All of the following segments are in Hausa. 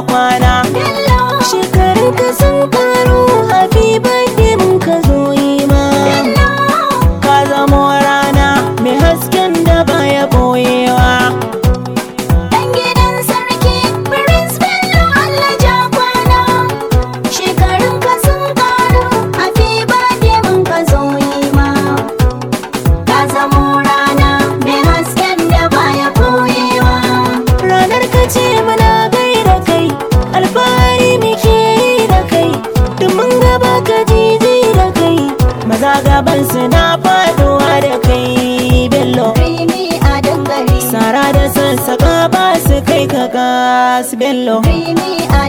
关怀。Abbas Bello Ba a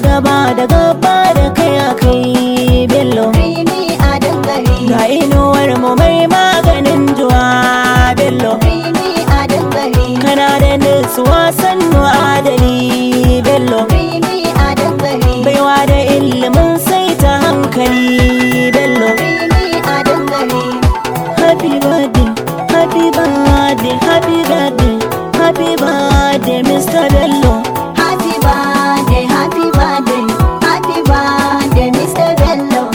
gaba da gaba da kai a kai Bello Ga inuwar mu mai maganin juwa Bello Kana da wasan mu adali Bello Baiwa da ilimin sai ta hankali Bello Happy birthday, happy birthday, happy birthday, happy birthday birthday Mr. Bello Happy birthday, happy birthday Happy birthday Mr. Bello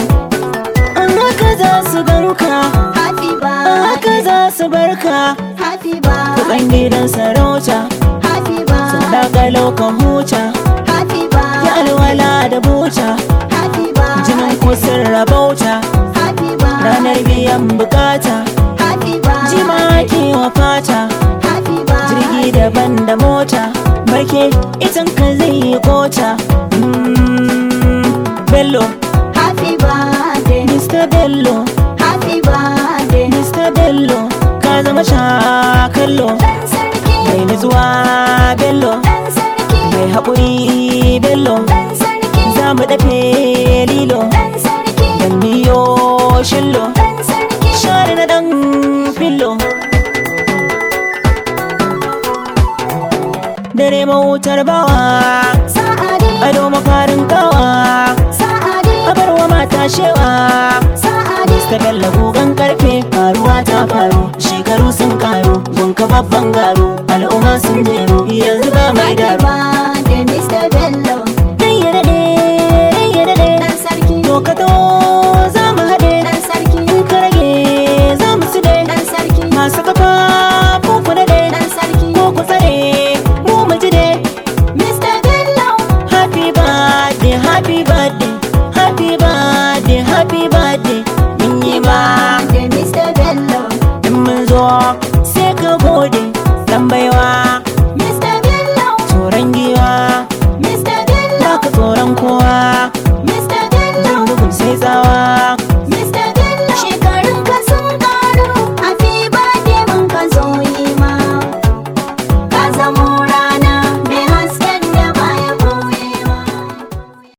za su barka Happy birthday za su barka Happy birthday gidan sarauta Happy birthday Sun dakalo huta Happy birthday Ya alwala da buta Happy birthday Jinin kusur rabauta Happy birthday Ranar biyan bukata Happy birthday wa fata daban da mota barke itan ka zai yi kota mm, bello happy birthday mr bello happy birthday mr bello ka zama shakallo mai nutsuwa bello mai haƙuri bello za mu dafe lilo dan miyo shillo dare mawutar bawa ado mafarin kawa a barwa mata shewa ta bella gugan karfe faruwa ta faru shekaru sun karu ka babban garo al'umma sun jero yanzu ba mai daro Masu kafa